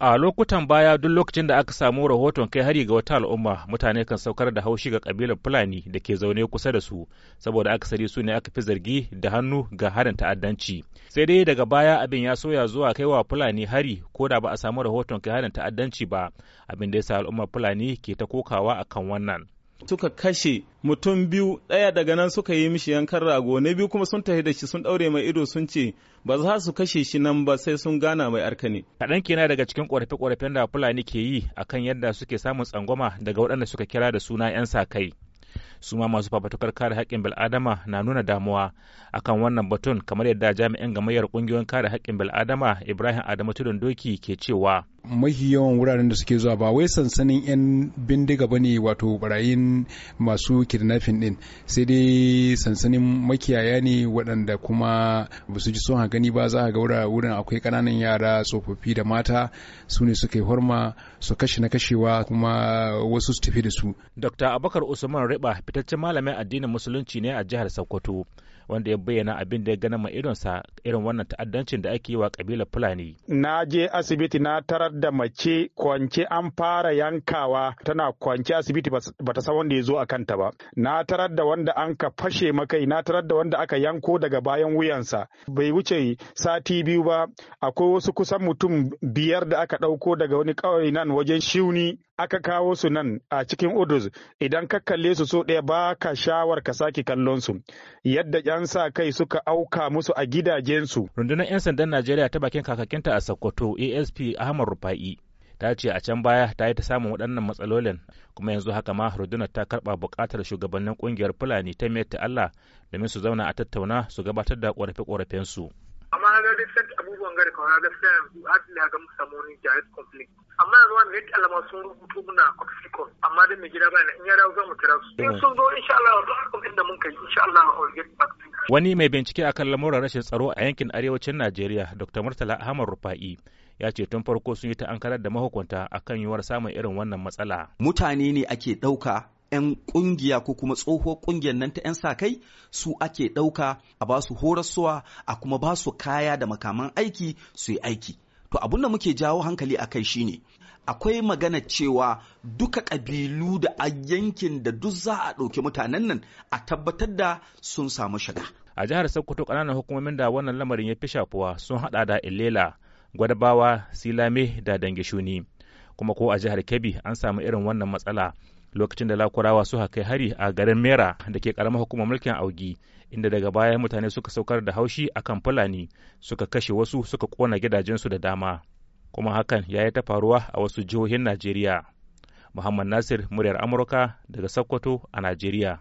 A lokutan baya duk lokacin da aka samu rahoton kai hari ga wata al'umma mutane kan saukar da haushi ga kabilar Fulani da ke zaune kusa da su saboda akasari su ne aka fi zargi da hannu ga harin ta'addanci. Sai dai daga baya abin ya soya zuwa kai wa Fulani hari ko da ba a samu rahoton kai harin ta'addanci ba abin da ya sa al'ummar Fulani ke ta kokawa akan wannan. suka kashe mutum biyu ɗaya daga nan suka yi mishi yankan rago na biyu kuma sun tafi da shi sun ɗaure mai ido sun ce ba za su kashe shi nan ba sai sun gana mai arkani. Kaɗan kena daga cikin ƙorafe-ƙorafen da Fulani ke yi akan yadda suke samun tsangwama daga waɗanda suka kira da suna 'yan sa kai. su ma masu fafatukar kare haƙƙin bil'adama na nuna damuwa akan wannan batun kamar yadda jami'in gamayyar ƙungiyoyin kare haƙƙin bil'adama ibrahim adamu tudun doki ke cewa mahi yawan wuraren da suke zuwa ba wai sansanin 'yan bindiga ba ne wato barayin masu kidnapping din sai dai sansanin makiyaya ne waɗanda kuma ba su ji son gani ba za a ga wurin akwai ƙananan yara tsofaffi da mata su ne suka yi horma su kashe na kashewa kuma wasu su tafi da su. Dr. Abakar Usman Riba fitaccen malamin addinin musulunci ne a jihar Sokoto. wanda ya bayyana abin da ya gana ma irinsa irin wannan ta'addancin da ake yi wa kabilar Fulani. Na je asibiti na tarar da mace kwance an fara yankawa tana kwance asibiti bata san wanda ya zo a kanta ba na tarar da wanda an ka fashe makai na tarar da wanda aka yanko daga bayan wuyansa bai wuce sati biyu ba akwai wasu kusan mutum biyar da aka ɗauko daga wani ƙauye nan wajen shiuni aka kawo su nan a cikin udus idan ka kalle su so ɗaya ba ka shawar ka sake kallon su yadda yan sa kai suka auka musu a gidajensu rundunar 'yan sandan najeriya ta bakin kakakinta a sokoto asp ahmad rufa rufa'i ta ce a can baya ta yi ta samun waɗannan matsalolin kuma yanzu haka ma rundunar ta karɓa buƙatar shugabannin ƙungiyar fulani ta meta allah domin su zauna a tattauna su gabatar da ƙorafe su amma na duk sai abubuwan gari kawai na gaskiya yanzu har da ga mu samu wani jihar conflict amma yanzu wani yadda alama sun rubuto muna oxycon amma dai mai gida bayan in ya dawo za mu kira su in sun zo insha Allah wani da mun kai insha Allah a back Wani mai bincike akan lamuran rashin tsaro a yankin arewacin Najeriya, Dr. Murtala Ahmad Rufa'i, ya ce tun farko sun yi ta ankarar da mahukunta akan yiwuwar samun irin wannan matsala. Mutane ne ake ɗauka 'yan ƙungiya ko kuma tsohuwar kungiyar nan ta 'yan sa kai su ake ɗauka a ba su horaswa a kuma ba su kaya da makaman aiki su yi aiki to abun da muke jawo hankali a kai shine akwai magana cewa duka ƙabilu da a yankin da duk za a ɗauki mutanen nan a tabbatar da sun samu shiga a jihar sokoto ƙananan hukumomin da wannan lamarin ya fi shafuwa sun haɗa da ilela gwadabawa silame da dangishuni kuma ko a jihar kebbi an samu irin wannan matsala lokacin da lakurawa su kai hari a garin mera da ke karamar hukumar mulkin augi inda daga baya mutane suka saukar da haushi akan fulani suka kashe wasu suka kona gidajensu da dama kuma hakan ya yi ta faruwa a wasu jihohin najeriya muhammad nasir muryar amurka daga sokoto a najeriya